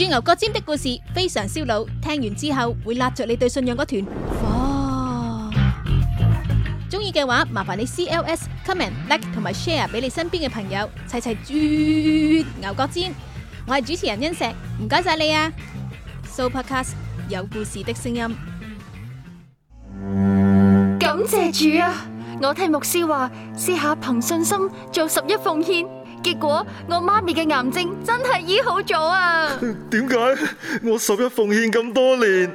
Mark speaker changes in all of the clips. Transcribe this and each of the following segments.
Speaker 1: 鑽牛角尖的故事非常燒腦，聽完之後會拉著你對信仰嗰團火。中意嘅話，麻煩你 C L S Comment like 同埋 share 俾你身邊嘅朋友，齊齊鑽牛角尖。我係主持人欣石，唔該晒你啊！Super Cast 有故事的聲音，
Speaker 2: 感謝主啊！我聽牧師話，試下憑信心做十一奉獻。結果我媽咪嘅癌症真係醫好咗啊！
Speaker 3: 點解我十一奉獻咁多年，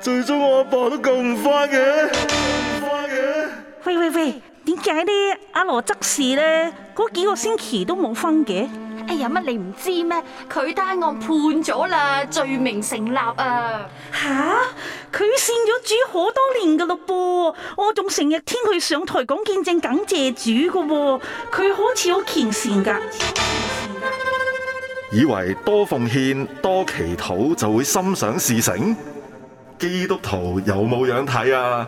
Speaker 3: 最終我阿爸都救唔翻嘅？唔翻嘅，喂喂喂，點解呢？阿羅執
Speaker 2: 事咧幾個星期都冇分嘅。哎呀，乜你唔知咩？佢單案判咗啦，罪名成立啊，啊！吓，啊，佢先。主好多年噶咯噃，我仲成日聽佢上台講見證感謝主噶，
Speaker 1: 佢好似好虔善噶。
Speaker 3: 以為多奉獻多祈禱就會心想事成，基督徒有冇樣睇啊？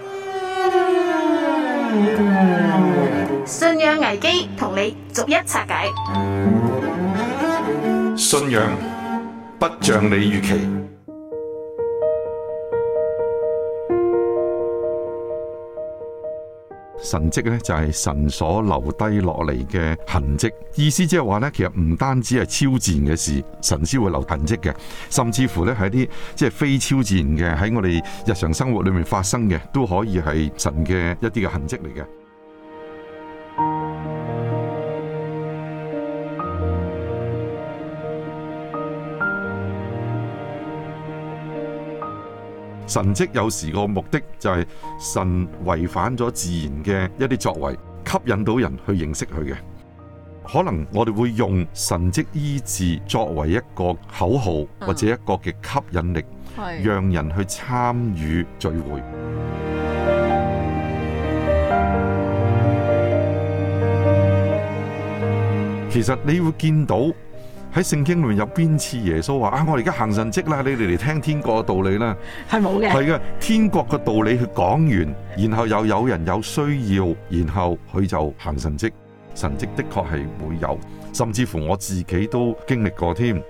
Speaker 2: 信仰
Speaker 1: 危機同你逐一拆解，
Speaker 3: 信仰不像你預期。神蹟咧就係神所留低落嚟嘅痕跡，意思即係話咧，其實唔單止係超自然嘅事，神先會留痕跡嘅，甚至乎咧係啲即係非超自然嘅，喺我哋日常生活裏面發生嘅，都可以係神嘅一啲嘅痕跡嚟嘅。神蹟有時個目的就係神違反咗自然嘅一啲作為，吸引到人去認識佢嘅。可能我哋會用神蹟醫治作為一個口號，或者一個嘅吸引力，嗯、讓人去參與聚會。是其實你會見到。喺聖經裏面有邊次耶穌話啊，我而家行神迹啦，你哋嚟聽天國嘅道理啦，係冇嘅。係嘅，天國嘅道理佢講完，然後又有人有需要，然後佢就行神蹟。神蹟的確係會有，甚至乎我自己都經歷過添。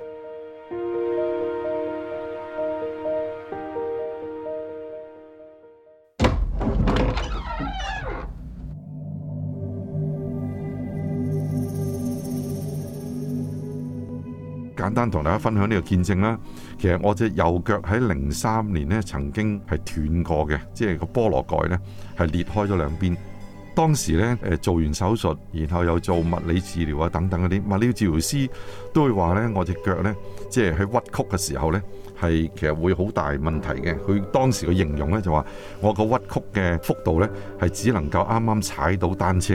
Speaker 3: 同大家分享呢個見證啦。其實我隻右腳喺零三年呢曾經係斷過嘅，即係個菠蘿蓋呢係裂開咗兩邊。當時呢，誒做完手術，然後又做物理治療啊等等嗰啲，物理治療師都會話呢：「我隻腳呢，即係喺屈曲嘅時候呢，係其實會好大問題嘅。」佢當時嘅形容呢，就話我個屈曲嘅幅度呢，係只能夠啱啱踩到單車。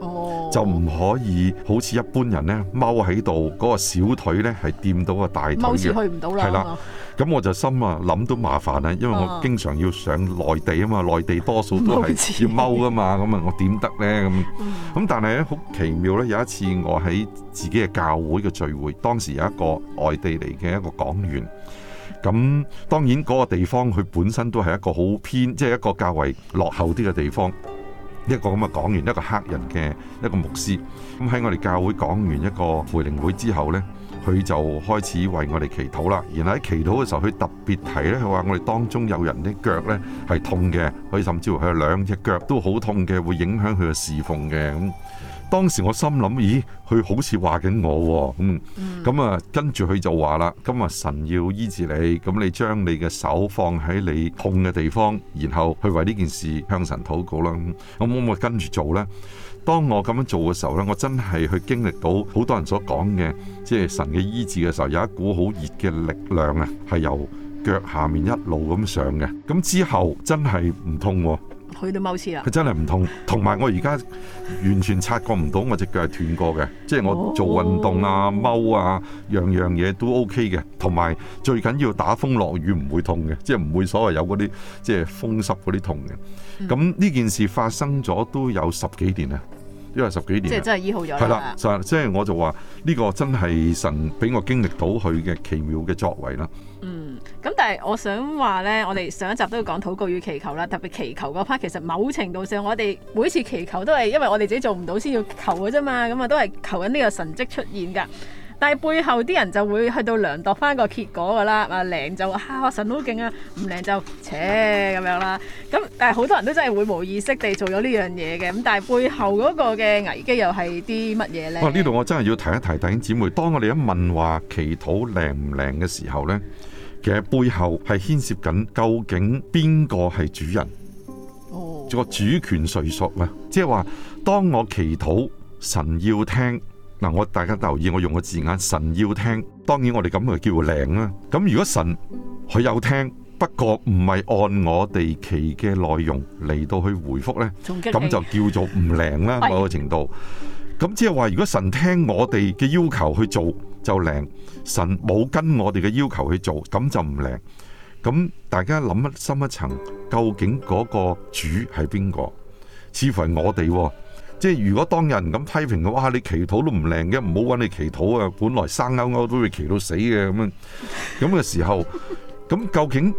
Speaker 3: 哦，oh, 就唔可以好似一般人咧踎喺度，嗰個小腿咧係掂到個大腿嘅，去唔到啦。係啦，咁我就心啊諗都麻煩啦，因為我經常要上內地啊嘛，內地多數都係要踎噶嘛，咁啊我點得咧咁？咁但係咧好奇妙咧，有一次我喺自己嘅教會嘅聚會，當時有一個外地嚟嘅一個講員，咁當然嗰個地方佢本身都係一個好偏，即係一個較為落後啲嘅地方。一個咁啊，講完一個黑人嘅一個牧師，咁喺我哋教會講完一個培靈會之後呢，佢就開始為我哋祈禱啦。然後喺祈禱嘅時候，佢特別提呢，佢話我哋當中有人啲腳呢係痛嘅，佢甚至乎佢兩隻腳都好痛嘅，會影響佢嘅侍奉嘅。當時我心諗，咦，佢好似話緊我喎，咁啊，跟住佢就話啦，今日神要醫治你，咁你將你嘅手放喺你痛嘅地方，然後去為呢件事向神禱告啦。咁我咪跟住做呢？當我咁樣做嘅時候呢，我真係去經歷到好多人所講嘅，即係神嘅醫治嘅時候，有一股好熱嘅力量啊，係由腳下面一路咁上嘅。咁之後真係唔痛喎。去到踎廁啊！佢真係唔痛。同埋我而家完全察覺唔到我隻腳係斷過嘅，即係我做運動啊踎、哦、啊，樣樣嘢都 OK 嘅。同埋最緊要打風落雨唔會痛嘅，即係唔會所謂有嗰啲即係風濕嗰啲痛嘅。咁呢、嗯、件事發生咗都有十幾年啦，因為十幾年即係真係醫好咗啦。係啦，就即係我就話呢、呢個真係神俾我經歷到佢嘅奇妙嘅作為啦。嗯。
Speaker 1: 咁但係我想話呢，我哋上一集都要講禱告與祈求啦，特別祈求嗰 part，其實某程度上我哋每次祈求都係因為我哋自己做唔到，先要求嘅啫嘛，咁啊都係求緊呢個神蹟出現噶。但係背後啲人就會去到量度翻個結果噶啦，靈就話神好勁啊，唔靈就扯咁樣啦。咁、呃呃呃、但係好多人都真係會冇意識地做咗呢樣嘢嘅，咁但係背後嗰個嘅危機又係啲乜嘢呢？呢
Speaker 3: 度、哦、我真係要提一提弟兄姊妹，當我哋一問話祈禱靈唔靈嘅時候呢。嘅背後係牽涉緊，究竟邊個係主人，oh. 做個主權誰屬咧？即係話，當我祈禱，神要聽嗱，我大家留意我用個字眼，神要聽。當然我哋咁係叫靈啦。咁如果神佢有聽，不過唔係按我哋祈嘅內容嚟到去回覆呢，咁就叫做唔靈啦某個程度。咁即係話，如果神聽我哋嘅要求去做。就靈，神冇跟我哋嘅要求去做，咁就唔靈。咁大家諗一深一層，究竟嗰個主係邊個？似乎係我哋，哦，即係如果當有人咁批評嘅話，你祈禱都唔靈嘅，唔好揾你祈禱啊！本來生勾勾都會祈到死嘅咁啊，咁嘅時候，咁究竟？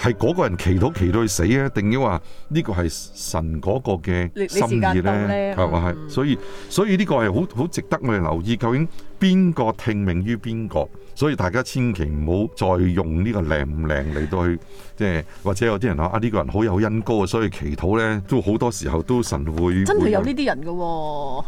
Speaker 3: 係嗰個人祈禱祈到去死啊？定要話呢個係神嗰個嘅心意咧？係咪？所以所以呢個係好好值得我哋留意。究竟邊個聽命於邊個？所以大家千祈唔好再用呢個靚唔靚嚟到去即係，或者有啲人話啊，呢個人好有恩膏啊，所以祈禱咧，都好多時候都神會真係有呢
Speaker 1: 啲人嘅喎。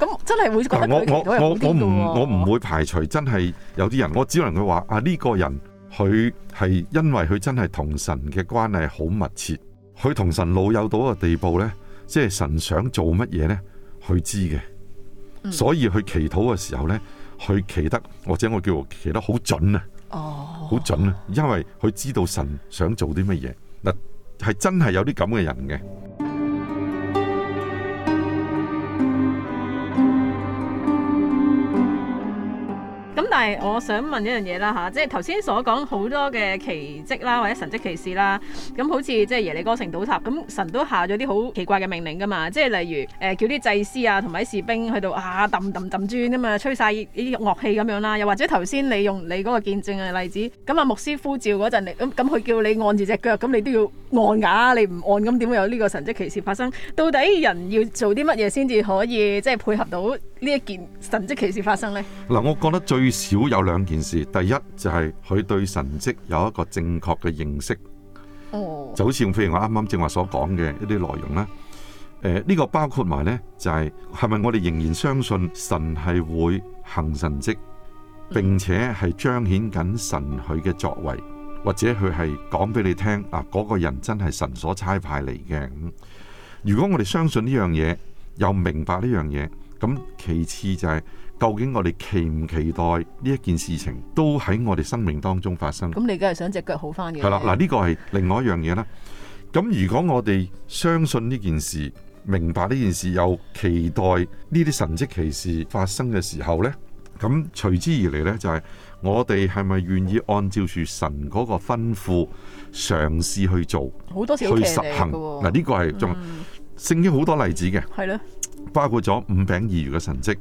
Speaker 1: 咁真係會覺得佢祈禱有啲嘅喎。我唔我唔
Speaker 3: 會排除真係有啲人。我只能佢話啊，呢個人。佢係因為佢真係同神嘅關係好密切，佢同神老友到個地步呢，即係神想做乜嘢呢？佢知嘅，所以佢祈禱嘅時候呢，佢祈得或者我叫佢祈得好準啊，好準啊，因為佢知道神想做啲乜嘢嗱，係真係有啲咁嘅人嘅。
Speaker 1: 我想問一樣嘢啦吓，即係頭先所講好多嘅奇跡啦，或者神跡奇事啦，咁好似即係耶利哥城倒塌，咁神都下咗啲好奇怪嘅命令噶嘛，即係例如誒、呃、叫啲祭司啊同埋士兵去到啊抌抌抌轉啊嘛，吹晒呢啲樂器咁樣啦，又或者頭先你用你嗰個見證嘅例子，咁啊牧師呼召嗰陣，咁咁佢叫你按住隻腳，咁你都要按噶，你唔按咁點會有呢個神跡奇事發生？到底人要做啲乜嘢先至可以即係配合到呢一件神跡奇事發生呢？
Speaker 3: 嗱，我覺得最主要有兩件事，第一就係佢對神跡有一個正確嘅認識，oh. 就好似我譬如我啱啱正話所講嘅一啲內容啦。呢、呃呢個包括埋呢，就係係咪我哋仍然相信神係會行神跡，並且係彰顯緊神佢嘅作為，或者佢係講俾你聽嗱，嗰、嗰個人真係神所差派嚟嘅。如果我哋相信呢樣嘢，又明白呢樣嘢，咁其次就係、係。究竟我哋期唔期待呢一件事情都喺我哋生命當中發生？咁
Speaker 1: 你梗係想隻腳好翻嘅。係啦，嗱
Speaker 3: 呢個係另外一樣嘢啦。咁如果我哋相信呢件事，明白呢件事，又期待呢啲神跡奇事發生嘅時候咧，咁隨之而嚟咧就係、是、我哋係咪願意按照住神嗰個吩咐嘗試去做？好多次去實行。嗱呢個係仲聖經好多例子嘅，係咯、嗯，包括咗五餅二魚嘅神跡。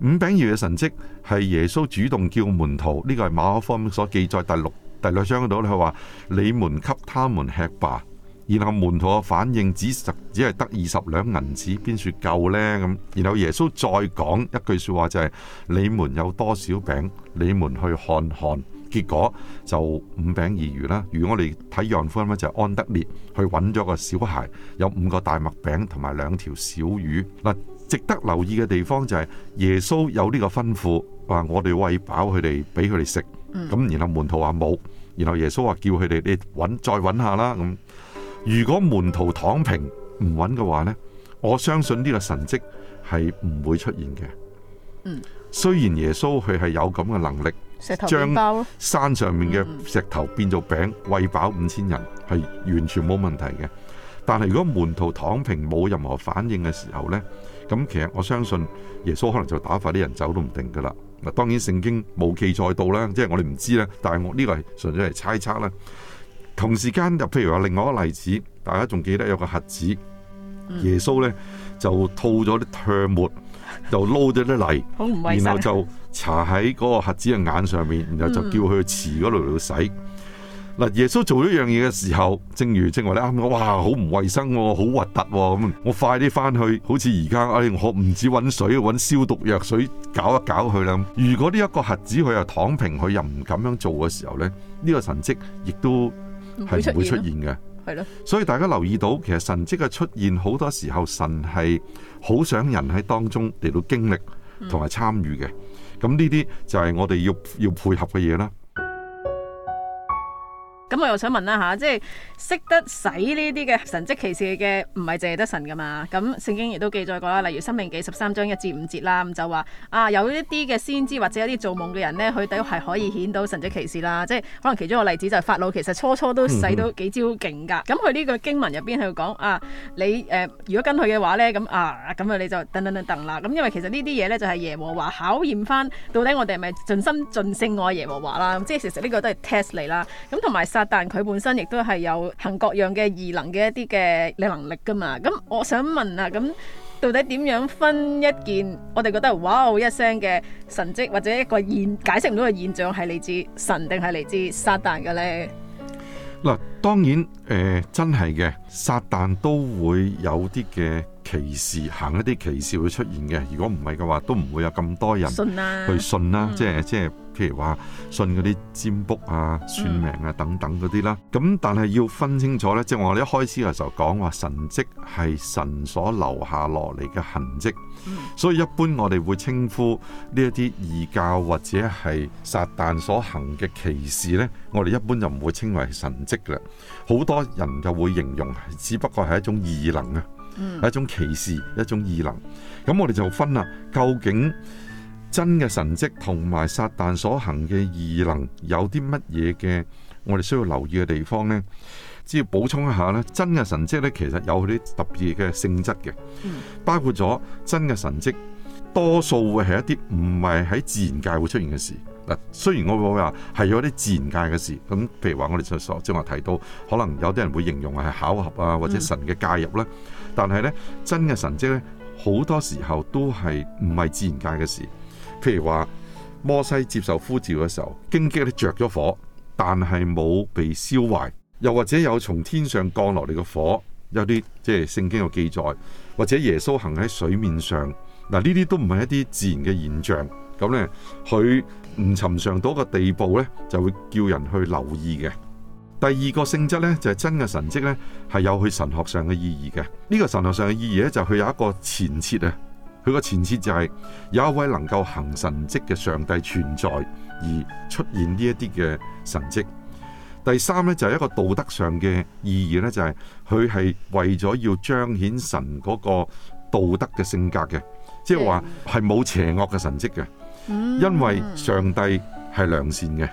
Speaker 3: 五餅二魚嘅神蹟係耶穌主動叫門徒，呢、這個係馬可福音所記載第六第六章嗰度咧，佢話你們給他們吃吧。然後門徒嘅反應只十只係得二十兩銀子，邊說夠咧，咁然後耶穌再講一句說話就係、是、你們有多少餅，你們去看看，結果就五餅二魚啦。如果我哋睇約翰咧，就是、安德烈去揾咗個小孩，有五個大麥餅同埋兩條小魚值得留意嘅地方就係耶穌有呢個吩咐，話我哋喂飽佢哋，俾佢哋食。咁然後門徒話冇，然後耶穌話叫佢哋你揾再揾下啦。咁如果門徒躺平唔揾嘅話呢，我相信呢個神跡係唔會出現嘅。嗯，雖然耶穌佢係有咁嘅能力，將山上面嘅石頭變做餅喂飽五千人係完全冇問題嘅，但係如果門徒躺平冇任何反應嘅時候呢。咁其實我相信耶穌可能就打發啲人走都唔定噶啦。嗱，當然聖經冇記載到啦，即係我哋唔知啦。但係我呢個係純粹係猜測啦。同時間又譬如話另外一個例子，大家仲記得有個瞎子，嗯、耶穌呢就吐咗啲唾沫，就撈咗啲泥， 然後就搽喺嗰個瞎子嘅眼上面，然後就叫佢去池嗰度嚟洗。嗱，耶穌做了一樣嘢嘅時候，正如正話你啱講，哇，好唔衞生喎、啊，好核突喎，咁我快啲翻去，好似而家，哎，我唔止揾水，揾消毒藥水搞一搞佢啦。如果呢一個核子佢又躺平，佢又唔咁樣做嘅時候呢，呢、這個神蹟亦都係唔會出現嘅。係咯。所以大家留意到，其實神蹟嘅出現好多時候，神係好想人喺當中嚟到經歷同埋參與嘅。咁呢啲就係我哋要要配合嘅嘢啦。
Speaker 1: 咁我又想問啦嚇，即係識得使呢啲嘅神蹟奇事嘅，唔係淨係得神噶嘛？咁聖經亦都記載過啦，例如《申命記》十三章一至五節啦，咁就話啊，有一啲嘅先知或者有啲做夢嘅人呢，佢都係可以顯到神蹟奇事啦。即係可能其中一個例子就係法老，其實初初都使到幾招勁噶。咁佢呢個經文入邊佢講講啊，你、呃、如果跟佢嘅話呢，咁啊咁啊你就等等等等啦。咁、嗯嗯嗯嗯嗯嗯、因為其實呢啲嘢呢，就係、是、耶和華考驗翻，到底我哋係咪盡心盡性愛耶和華啦。即係其實呢個都係 test 嚟啦。咁同埋。撒旦佢本身亦都係有行各樣嘅異能嘅一啲嘅能力㗎嘛？咁我想問啊，咁到底點樣分一件我哋覺得哇哦、wow、一聲嘅神跡或者一個現解釋唔到嘅現象係嚟自神定係嚟自撒旦嘅咧？
Speaker 3: 嗱，當然誒、呃，真係嘅，撒旦都會有啲嘅奇事行一啲奇事會出現嘅。如果唔係嘅話，都唔會有咁多人去信啦、啊，即係即係。嗯譬如話信嗰啲占卜啊、算命啊等等嗰啲啦，咁但係要分清楚呢，即係我哋一開始嘅時候講話神跡係神所留下落嚟嘅痕跡，所以一般我哋會稱呼呢一啲異教或者係撒但所行嘅奇事呢，我哋一般就唔會稱為神跡啦。好多人就會形容，只不過係一種異能啊，係一種奇事，一種異能。咁我哋就分啦，究竟，真嘅神蹟同埋撒旦所行嘅異能有啲乜嘢嘅？我哋需要留意嘅地方呢？只要補充一下咧。真嘅神蹟咧，其實有啲特別嘅性質嘅，包括咗真嘅神蹟，多數會係一啲唔係喺自然界會出現嘅事嗱。雖然我會話係有啲自然界嘅事，咁譬如話我哋就所正話提到，可能有啲人會形容係巧合啊，或者神嘅介入啦，嗯、但係咧真嘅神蹟咧，好多時候都係唔係自然界嘅事。譬如話摩西接受呼召嘅時候，荊棘咧着咗火，但係冇被燒壞；又或者有從天上降落嚟嘅火，有啲即係聖經嘅記載；或者耶穌行喺水面上，嗱，呢啲都唔係一啲自然嘅現象。咁咧，佢唔尋常到一個地步咧，就會叫人去留意嘅。第二個性質咧，就係真嘅神蹟咧，係有佢神學上嘅意義嘅。呢個神學上嘅意義咧，就佢有一個前設啊。佢個前設就係有一位能夠行神蹟嘅上帝存在，而出現呢一啲嘅神蹟。第三呢，就係一個道德上嘅意義呢，就係佢係為咗要彰顯神嗰個道德嘅性格嘅，即係話係冇邪惡嘅神蹟嘅，因為上帝係良善嘅，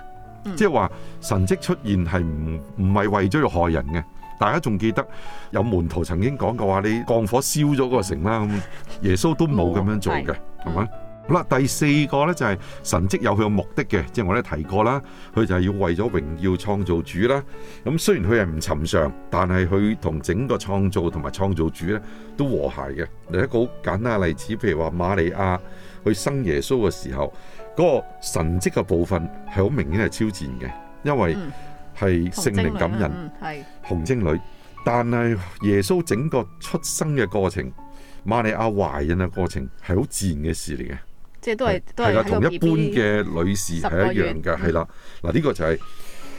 Speaker 3: 即係話神蹟出現係唔唔係為咗要害人嘅。大家仲記得有門徒曾經講過話，你降火燒咗個城啦，咁耶穌都冇咁樣做嘅，係嘛？好啦，第四個呢就係神蹟有佢嘅目的嘅，即係我哋提過啦，佢就係要為咗榮耀創造主啦。咁雖然佢係唔尋常，但係佢同整個創造同埋創造主呢都和諧嘅。另一個好簡單嘅例子，譬如話，瑪利亞去生耶穌嘅時候，嗰個神蹟嘅部分係好明顯係超前嘅，因為、嗯。係聖靈感人，童貞女、啊嗯、女，但係耶穌整個出生嘅過程，瑪利亞懷孕嘅過程係好自然嘅事嚟嘅，
Speaker 1: 即係都係都係同一般嘅
Speaker 3: 女士係一樣嘅，係啦，嗱呢、嗯啊這個就係、是、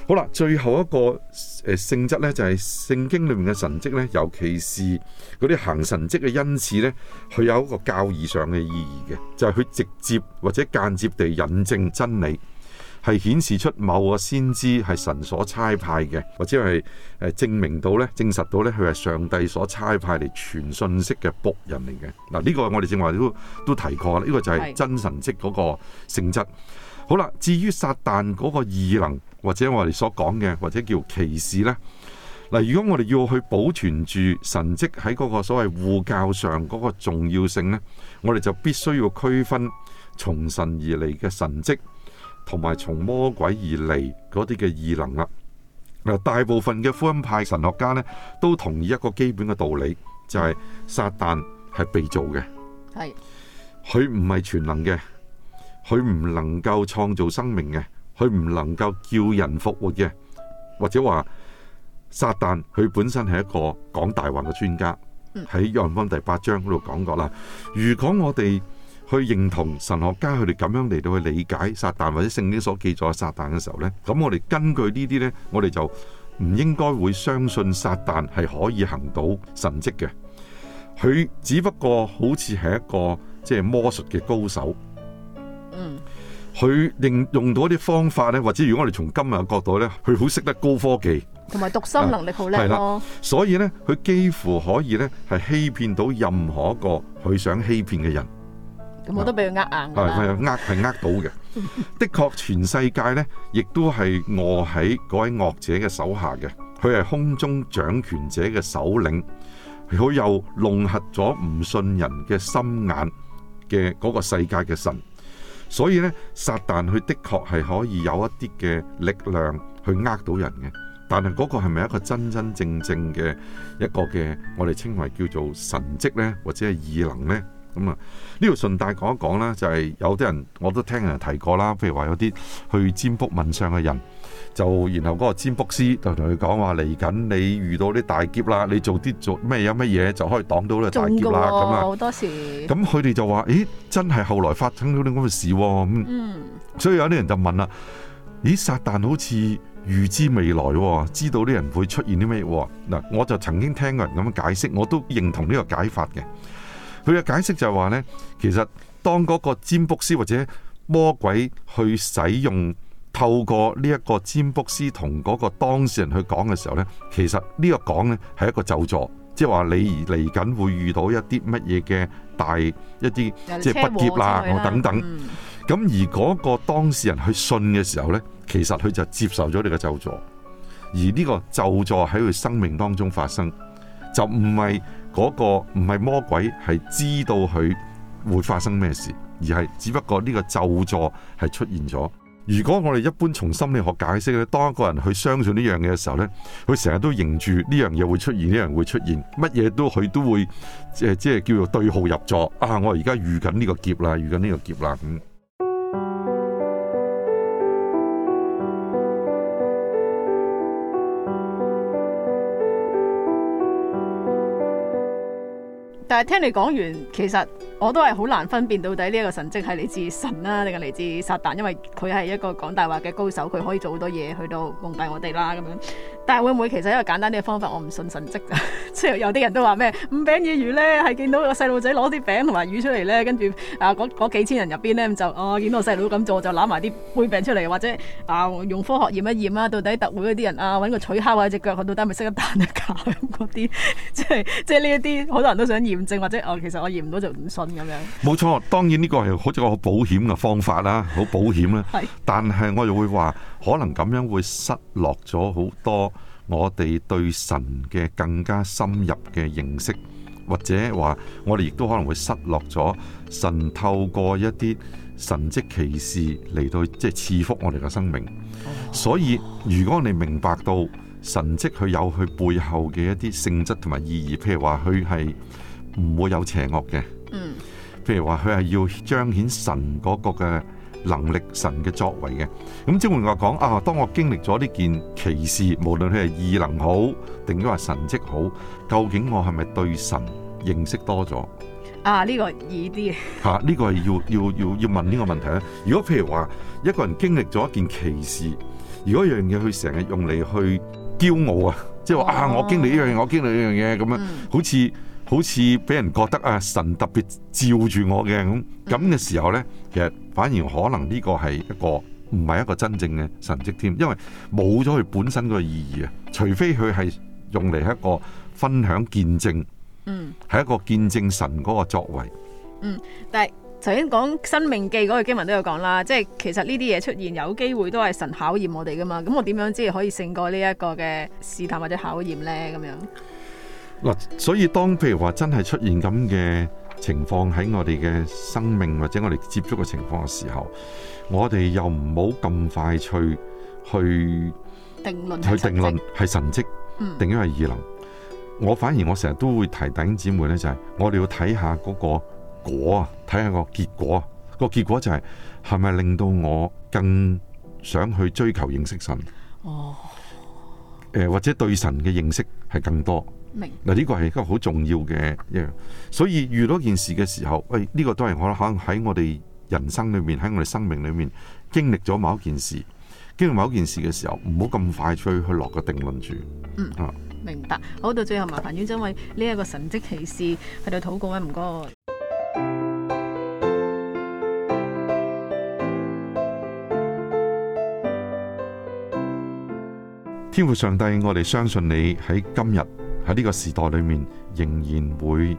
Speaker 3: 好啦，最後一個誒、呃、性質咧就係、是、聖經裏面嘅神跡咧，尤其是嗰啲行神跡嘅恩賜咧，佢有一個教義上嘅意義嘅，就係、是、佢直接或者間接地引證真理。係顯示出某個先知係神所差派嘅，或者係誒證明到呢，證實到呢，佢係上帝所差派嚟傳信息嘅僕人嚟嘅。嗱，呢個我哋正話都都提過啦，呢個就係真神跡嗰個性質。是好啦，至於撒旦嗰個異能，或者我哋所講嘅，或者叫歧視呢，嗱，如果我哋要去保存住神跡喺嗰個所謂護教上嗰個重要性呢，我哋就必須要區分從神而嚟嘅神跡。同埋從魔鬼而嚟嗰啲嘅異能啦，嗱，大部分嘅福音派神學家呢，都同意一個基本嘅道理，就係撒旦係被造嘅，係佢唔係全能嘅，佢唔能夠創造生命嘅，佢唔能夠叫人復活嘅，或者話撒旦佢本身係一個講大話嘅專家，喺約翰福音第八章嗰度講過啦。如果我哋去認同神學家佢哋咁樣嚟到去理解撒旦或者聖經所記載嘅撒旦嘅時候咧，咁我哋根據呢啲咧，我哋就唔應該會相信撒旦係可以行到神蹟嘅。佢只不過好似係一個即係魔術嘅高手。嗯，佢應用到一啲方法咧，或者如果我哋從今日嘅角度咧，佢好識得高科技，
Speaker 1: 同埋讀心能力好叻咯。
Speaker 3: 所以咧，佢幾乎可以咧係欺騙到任何一個佢想欺騙嘅人。
Speaker 1: 我都俾佢呃硬嘅，係
Speaker 3: 係啊，呃係呃到嘅。的確，全世界咧，亦都係臥喺嗰位惡者嘅手下嘅。佢係空中掌權者嘅首領，佢又弄合咗唔信人嘅心眼嘅嗰個世界嘅神。所以咧，撒但佢的確係可以有一啲嘅力量去呃到人嘅。但係嗰個係咪一個真真正正嘅一個嘅，我哋稱為叫做神蹟咧，或者係異能咧？咁啊，呢度順帶講一講咧，就係有啲人我都聽人提過啦。譬如話有啲去占卜問相嘅人，就然後嗰個占卜師就同佢講話：嚟緊你遇到啲大劫啦，你做啲做咩有乜嘢就可以擋到啲大劫啦。咁啊，好
Speaker 1: 多時咁
Speaker 3: 佢哋就話：咦，真係後來發生咗啲咁嘅事咁啊。嗯，所以有啲人就問啦：咦，撒旦好似預知未來啊，知道啲人會出現啲咩？嗱，我就曾經聽過人咁樣解釋，我都認同呢個解法嘅。佢嘅解釋就係話呢，其實當嗰個占卜師或者魔鬼去使用透過呢一個占卜師同嗰個當事人去講嘅時候呢，其實呢個講呢係一個咒詛，即係話你嚟緊會遇到一啲乜嘢嘅大一啲即係不劫啦，我等等。咁、嗯、而嗰個當事人去信嘅時候呢，其實佢就接受咗你嘅咒詛，而呢個咒詛喺佢生命當中發生，就唔係。嗰個唔係魔鬼，係知道佢會發生咩事，而係只不過呢個就助係出現咗。如果我哋一般從心理學解釋咧，當一個人去相信呢樣嘢嘅時候呢，佢成日都認住呢樣嘢會出現，呢樣會出現，乜嘢都佢都會即係叫做對號入座啊！我而家遇緊呢個劫啦，遇緊呢個劫啦咁。
Speaker 1: 但係聽你講完，其實我都係好難分辨到底呢一個神跡係嚟自神啊，定係嚟自撒旦，因為佢係一個講大話嘅高手，佢可以做好多嘢去到蒙蔽我哋啦咁樣。但係會唔會其實一個簡單啲嘅方法，我唔信神跡啊？即係有啲人都話咩五餅二魚咧，係見到個細路仔攞啲餅同埋魚出嚟咧，跟住啊嗰幾千人入邊咧，就啊見到個細路咁做就攬埋啲杯餅出嚟，或者啊用科學驗一驗啊，到底特會嗰啲人啊，揾個取巧啊隻腳，到底係咪識得彈得搞咁嗰啲，即係即係呢一啲好多人都想驗證，或者我、啊、其實我驗唔到就唔信咁樣。
Speaker 3: 冇錯，當然呢個係好似個好保險嘅方法啦，好保險啦。 是但係我又會話可能咁樣會失落咗好多。我哋對神嘅更加深入嘅認識，或者話我哋亦都可能會失落咗神透過一啲神蹟奇事嚟到即係賜福我哋嘅生命。所以，如果你明白到神蹟佢有佢背後嘅一啲性質同埋意義，譬如話佢係唔會有邪惡嘅，譬如話佢係要彰顯神嗰個嘅。能力神嘅作為嘅，咁即係換句話講，啊，當我經歷咗呢件奇事，無論佢係異能好，定都係神蹟好，究竟我係咪對神認識多咗？
Speaker 1: 啊，呢、呢個易啲
Speaker 3: 嘅。呢、啊呢個係要要要要問呢個問題咧。如果譬如話，一個人經歷咗一件奇事，如果一樣嘢佢成日用嚟去驕傲啊，即係話啊，我經歷呢樣嘢，我經歷呢樣嘢咁樣，嗯、好似。好似俾人覺得啊，神特別照住我嘅咁咁嘅時候呢，嗯、其實反而可能呢個係一個唔係一個真正嘅神跡添，因為冇咗佢本身個意義啊。除非佢係用嚟一個分享見證，
Speaker 1: 嗯，
Speaker 3: 係一個見證神嗰個作為。
Speaker 1: 嗯，但係頭先講《生命記》嗰個經文都有講啦，即係其實呢啲嘢出現有機會都係神考驗我哋噶嘛。咁我點樣先可以勝過呢一個嘅試探或者考驗呢？咁樣。
Speaker 3: 嗱、啊，所以當譬如話真係出現咁嘅情況喺我哋嘅生命或者我哋接觸嘅情況嘅時候，我哋又唔好咁快脆去，去
Speaker 2: 定論去定
Speaker 3: 論係神跡，定因係異能。嗯、我反而我成日都會提弟兄姊妹呢，就係、是、我哋要睇下嗰個果啊，睇下個結果。個結果就係係咪令到我更想去追求認識神？哦。誒或者對神嘅認識係更多。明嗱，明白呢個係一個好重要嘅一樣，所以遇到件事嘅時候，誒、哎、呢、這個都係可能喺我哋人生裏面，喺我哋生命裏面經歷咗某一件事，經歷某一件事嘅時候，唔好咁快出去去落個定論住。嗯、啊、
Speaker 1: 明白。好，到最後麻煩，麻煩院長為呢一個神蹟奇事喺度禱告，唔該。謝謝。
Speaker 3: 天父上帝，我哋相信你喺今日喺呢個時代裏面仍然會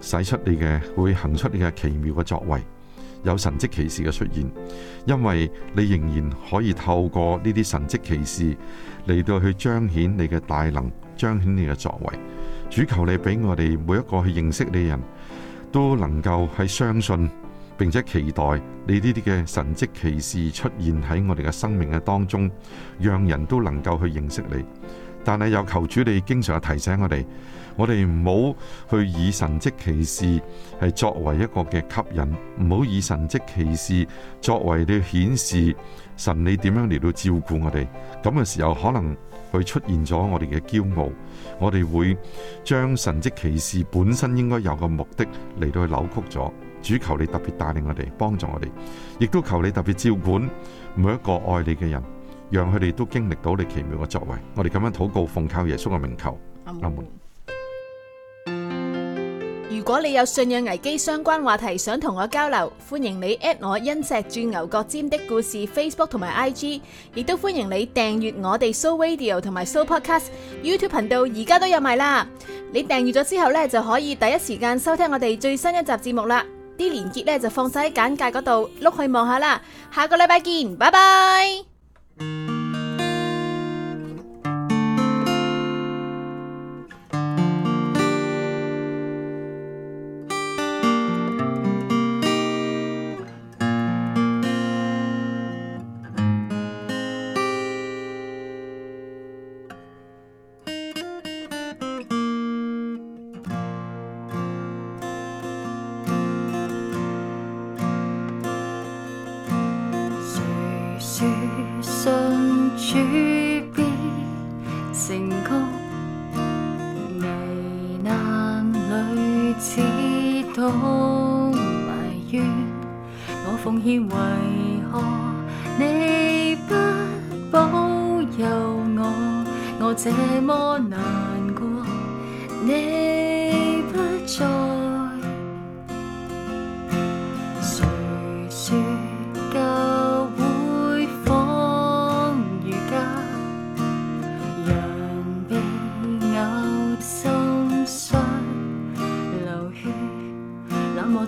Speaker 3: 使出你嘅，會行出你嘅奇妙嘅作為，有神蹟奇事嘅出現，因為你仍然可以透過呢啲神蹟奇事嚟到去彰顯你嘅大能，彰顯你嘅作為。主求你俾我哋每一個去認識你嘅人都能夠係相信。並且期待你呢啲嘅神跡奇事出現喺我哋嘅生命嘅當中，讓人都能夠去認識你。但係又求主你經常提醒我哋，我哋唔好去以神跡奇事係作為一個嘅吸引，唔好以神跡奇事作為你顯示神你點樣嚟到照顧我哋。咁嘅時候可能會出現咗我哋嘅驕傲，我哋會將神跡奇事本身應該有個目的嚟到去扭曲咗。主求你特別帶領我哋，幫助我哋，亦都求你特別照管每一個愛你嘅人，讓佢哋都經歷到你奇妙嘅作為。我哋咁樣禱告，奉靠耶穌嘅名求阿門。
Speaker 1: 如果你有信仰危機相關話題想同我交流，歡迎你 at 我《恩石鑽牛角尖的故事》Facebook 同埋 IG，亦都歡迎你訂閱我哋 Show Radio 同埋 Show Podcast YouTube 頻道，而家都有埋啦。你訂閱咗之後呢，就可以第一時間收聽我哋最新一集節目啦。啲連結咧就放晒喺簡介嗰度，碌去望下啦。下個禮拜見，拜拜。
Speaker 2: 主必成功，危難裏只懂埋怨。我奉獻為何你不保佑我？我這麼難過，你不再。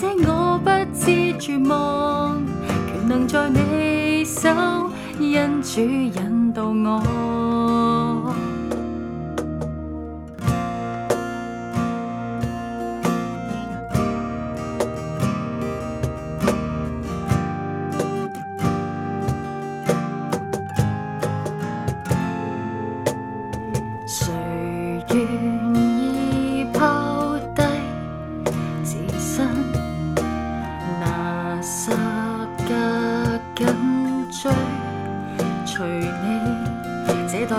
Speaker 2: 且我不知絕望，權能在你手，因主引導我。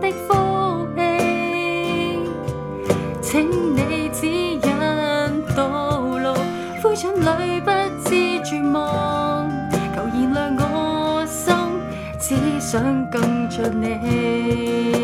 Speaker 2: 的福氣，請你指引道路，灰燼裏不知絕望，求燃亮我心，只想跟着你。